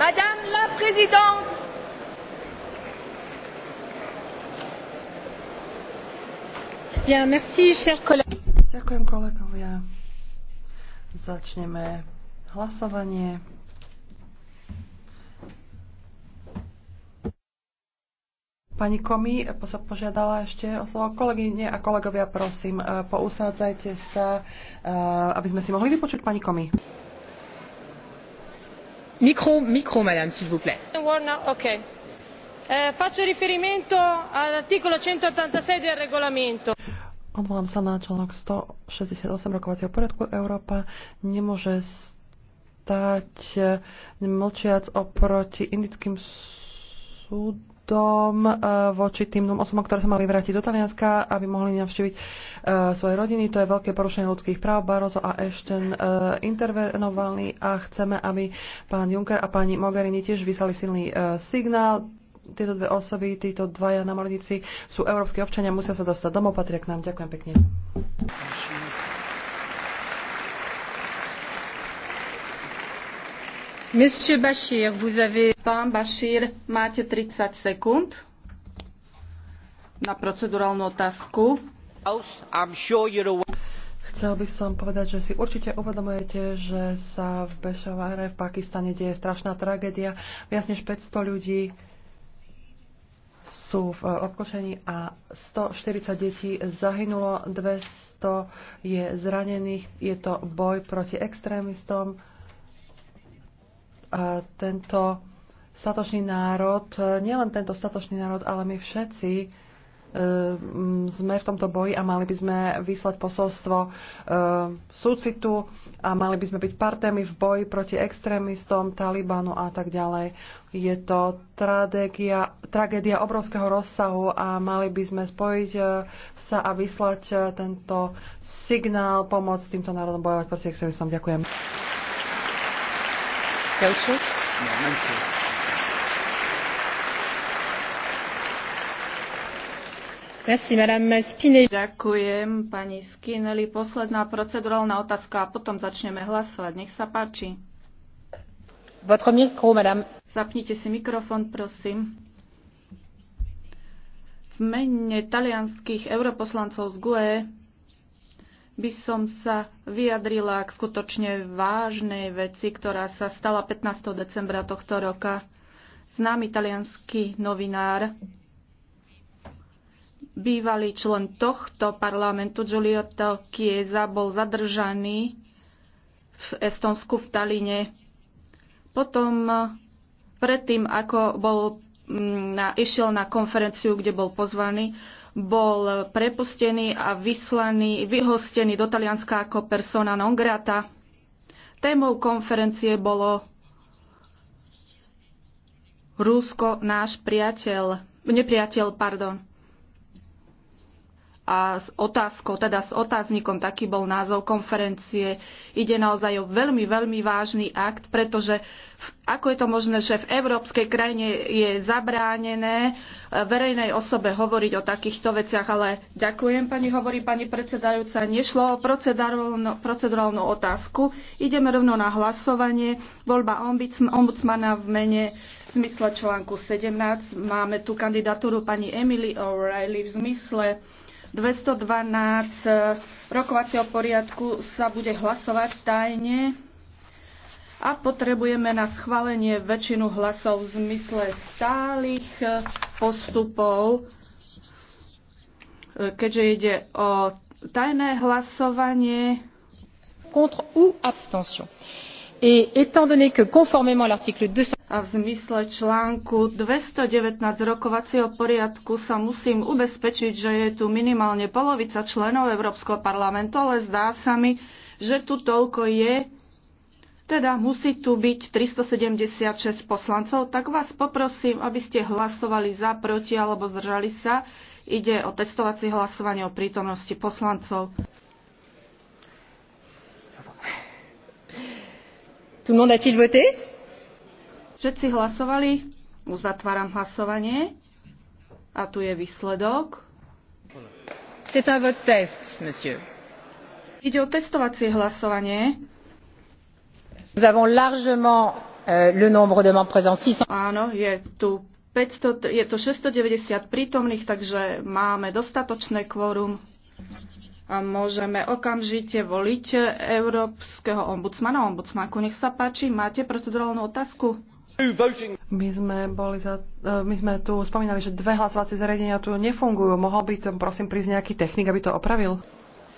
Madame la Présidente, Bien, merci, chers collègues. Ďakujem kolegovia. Začneme hlasovanie. Pani Komi sa požiadala ešte o slovo. Kolegyne a kolegovia, prosím, e, pousádzajte sa, e, aby sme si mohli vypočuť pani Komi. Eh, faccio riferimento all'articolo centottantasei del regolamento odvolám sa na článok 168 rokovacieho poriadku Európa nemôže stáť eh, mlčiac oproti indickým súdom uh, voči tým osobom, ktoré sa mali vrátiť do Talianska, aby mohli navštíviť e, svoje rodiny. To je veľké porušenie ľudských práv. Barozo a uh, intervenovali a chceme, aby pán Juncker a pani Mogherini tiež vyslali silný signál. Tieto dve osoby, títo dvaja na sú európsky občania, musia sa dostať domov, patria k nám. Ďakujem pekne. Monsieur vous avez... Pán Bashir, máte 30 sekúnd na procedurálnu otázku. Chcel by som povedať, že si určite uvedomujete, že sa v Bešaváre v Pakistane deje strašná tragédia. Viac než 500 ľudí sú v eh, obkošení a 140 detí zahynulo, 200 je zranených. Je to boj proti extrémistom tento statočný národ, nielen tento statočný národ, ale my všetci e, sme v tomto boji a mali by sme vyslať posolstvo e, súcitu a mali by sme byť partnermi v boji proti extrémistom, Talibanu a tak ďalej. Je to tragédia, tragédia obrovského rozsahu a mali by sme spojiť e, sa a vyslať tento signál pomoc týmto národom bojovať proti extrémistom. Ďakujem. Ďakujem pani Skinelli. Posledná procedurálna otázka a potom začneme hlasovať. Nech sa páči. Micro, Zapnite si mikrofón, prosím. V mene talianských europoslancov z GUE by som sa vyjadrila k skutočne vážnej veci, ktorá sa stala 15. decembra tohto roka. Známy italianský novinár, bývalý člen tohto parlamentu Giuliotto Chiesa bol zadržaný v Estonsku v Taline. Potom, predtým ako bol na, išiel na konferenciu, kde bol pozvaný, bol prepustený a vyslaný, vyhostený do Talianska ako persona non grata. Témou konferencie bolo Rúsko náš priateľ, nepriateľ, pardon a s otázkou, teda s otáznikom, taký bol názov konferencie. Ide naozaj o veľmi, veľmi vážny akt, pretože ako je to možné, že v európskej krajine je zabránené e, verejnej osobe hovoriť o takýchto veciach, ale ďakujem, pani hovorí pani predsedajúca, nešlo o procedurálnu, procedurálnu otázku. Ideme rovno na hlasovanie. Voľba ombudsmana v mene v zmysle článku 17. Máme tu kandidatúru pani Emily O'Reilly v zmysle 212 eh, rokovacieho poriadku sa bude hlasovať tajne a potrebujeme na schválenie väčšinu hlasov v zmysle stálych eh, postupov, eh, keďže ide o tajné hlasovanie. Contre ou abstention. I étant donné que conformément à l'article 200 a v zmysle článku 219 rokovacieho poriadku sa musím ubezpečiť, že je tu minimálne polovica členov Európskeho parlamentu, ale zdá sa mi, že tu toľko je, teda musí tu byť 376 poslancov, tak vás poprosím, aby ste hlasovali za, proti alebo zdržali sa. Ide o testovacie hlasovanie o prítomnosti poslancov. Tout le monde a-t-il voté? Všetci hlasovali. Uzatváram hlasovanie. A tu je výsledok. C'est un vote test, monsieur. Ide o testovacie hlasovanie. Nous avons largement euh, le nombre de membres présents. 600. Áno, je tu 500, je to 690 prítomných, takže máme dostatočné kvórum môžeme okamžite voliť európskeho ombudsmana, ombudsmanku. Nech sa páči, máte procedurálnu otázku? My sme, boli za, e, my sme tu spomínali, že dve hlasovacie zariadenia tu nefungujú. Mohol by tam prosím prísť nejaký technik, aby to opravil?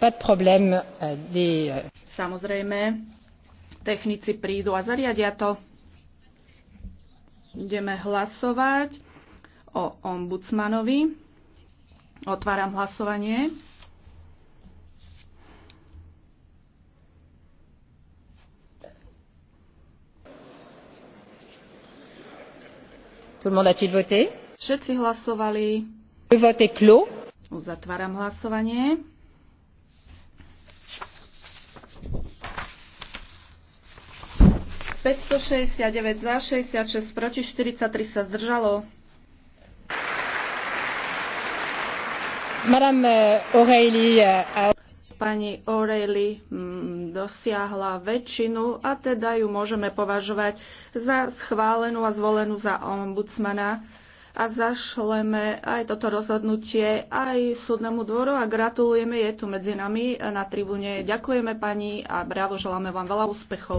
Euh, euh. Samozrejme, technici prídu a zariadia to. Ideme hlasovať o ombudsmanovi. Otváram hlasovanie. Tout le monde a-t-il voté? Všetci hlasovali. Le vote est clos. Uzatváram hlasovanie. ...569 za, 66 proti, 43 sa zdržalo. Madame eh, Aurélie eh, a pani O'Reilly mm, dosiahla väčšinu a teda ju môžeme považovať za schválenú a zvolenú za ombudsmana a zašleme aj toto rozhodnutie aj súdnemu dvoru a gratulujeme, je tu medzi nami na tribúne. Ďakujeme pani a bravo, želáme vám veľa úspechov.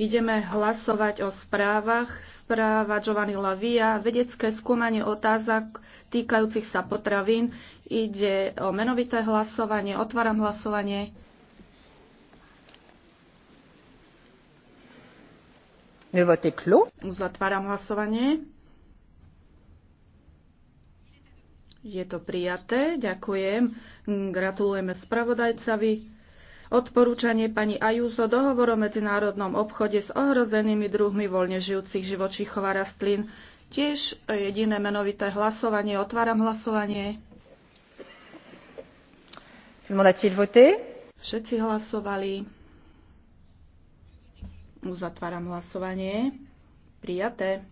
Ideme hlasovať o správach. Správa Giovanni Lavia, vedecké skúmanie otázok týkajúcich sa potravín. Ide o menovité hlasovanie. Otváram hlasovanie. Uzatváram hlasovanie. Je to prijaté. Ďakujem. Gratulujeme spravodajcovi odporúčanie pani Ajúzo dohovor o medzinárodnom obchode s ohrozenými druhmi voľne žijúcich živočíchov a rastlín. Tiež jediné menovité hlasovanie. Otváram hlasovanie. Všetci hlasovali. Uzatváram hlasovanie. Prijaté.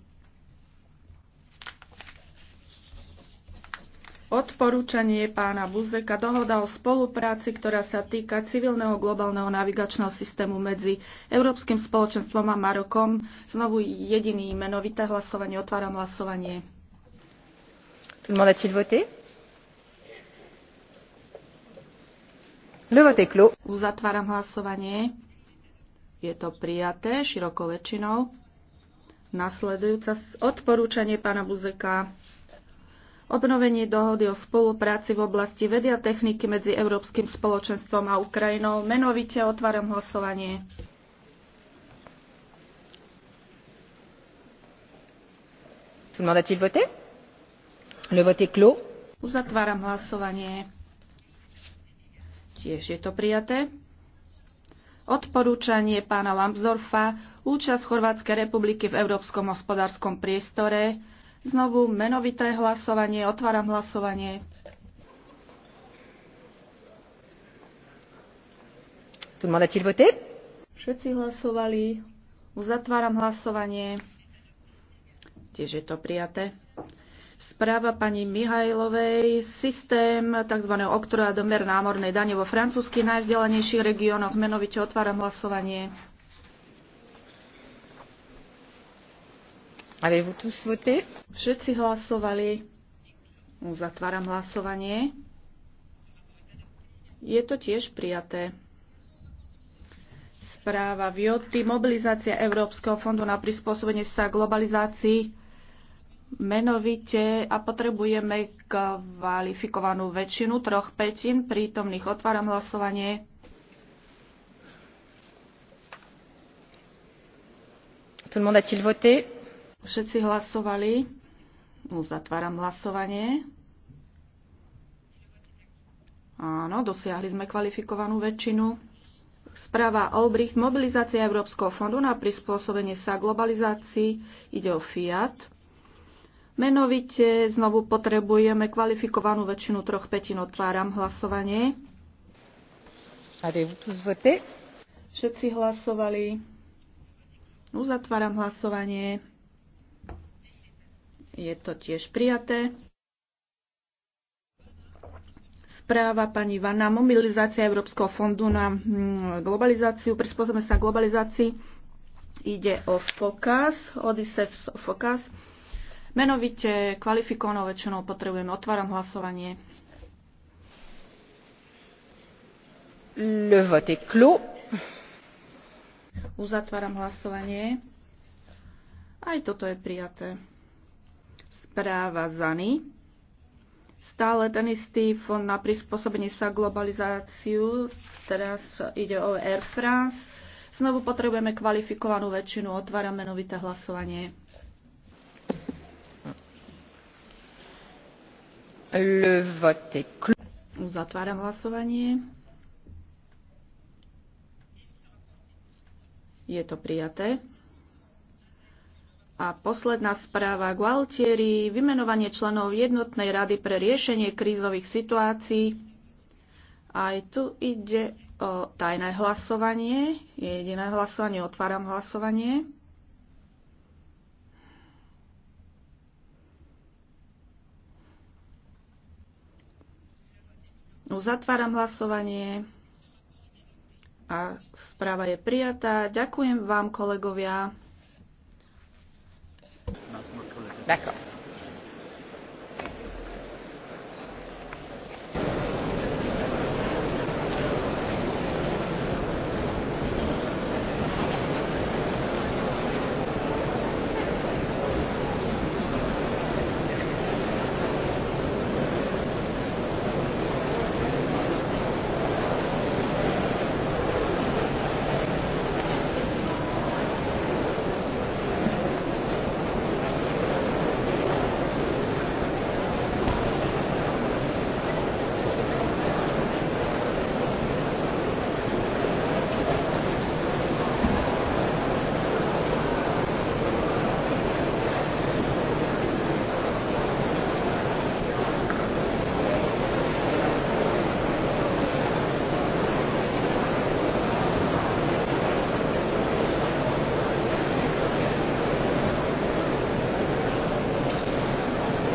odporúčanie pána Buzeka, dohoda o spolupráci, ktorá sa týka civilného globálneho navigačného systému medzi Európskym spoločenstvom a Marokom. Znovu jediný menovité hlasovanie. Otváram hlasovanie. Uzatváram hlasovanie. Je to prijaté širokou väčšinou. Nasledujúca odporúčanie pána Buzeka obnovenie dohody o spolupráci v oblasti vedy a techniky medzi Európskym spoločenstvom a Ukrajinou. Menovite otváram hlasovanie. Tout le monde a-t-il voté Le vote est clos. Uzatváram hlasovanie. Tiež je to prijaté. Odporúčanie pána Lambsdorfa, účasť Chorvátskej republiky v Európskom hospodárskom priestore Znovu menovité hlasovanie. Otváram hlasovanie. Tout le monde a-t-il voté? Všetci hlasovali. Uzatváram hlasovanie. Tiež je to prijaté. Správa pani Mihajlovej, systém tzv. oktora do mer námornej dane vo francúzsky najvzdelanejších regiónoch. Menovite otváram hlasovanie. Všetci hlasovali. Uzatváram hlasovanie. Je to tiež prijaté. Správa Vioty, mobilizácia Európskeho fondu na prispôsobenie sa globalizácii menovite a potrebujeme kvalifikovanú väčšinu troch petín prítomných. Otváram hlasovanie. Tout le monde a-t-il voté? Všetci hlasovali. Uzatváram hlasovanie. Áno, dosiahli sme kvalifikovanú väčšinu. Správa Olbricht, mobilizácia Európskeho fondu na prispôsobenie sa globalizácii, ide o Fiat. Menovite znovu potrebujeme kvalifikovanú väčšinu troch petín. Otváram hlasovanie. Všetci hlasovali. Uzatváram hlasovanie. Je to tiež prijaté. Správa pani Vana, mobilizácia Európskeho fondu na mm, globalizáciu, prispôsobme sa globalizácii. Ide o FOCAS, Odisef FOCAS. Menovite kvalifikovanou väčšinou potrebujeme. Otváram hlasovanie. Le vote est clos. Uzatváram hlasovanie. Aj toto je prijaté správa ZANY. Stále ten istý fond na prispôsobenie sa globalizáciu, teraz ide o Air France. Znovu potrebujeme kvalifikovanú väčšinu, otváram menovité hlasovanie. Le vote Uzatváram hlasovanie. Je to prijaté. A posledná správa Gualtieri, vymenovanie členov jednotnej rady pre riešenie krízových situácií. Aj tu ide o tajné hlasovanie. Je jediné hlasovanie, otváram hlasovanie. Uzatváram hlasovanie a správa je prijatá. Ďakujem vám, kolegovia. D'accord.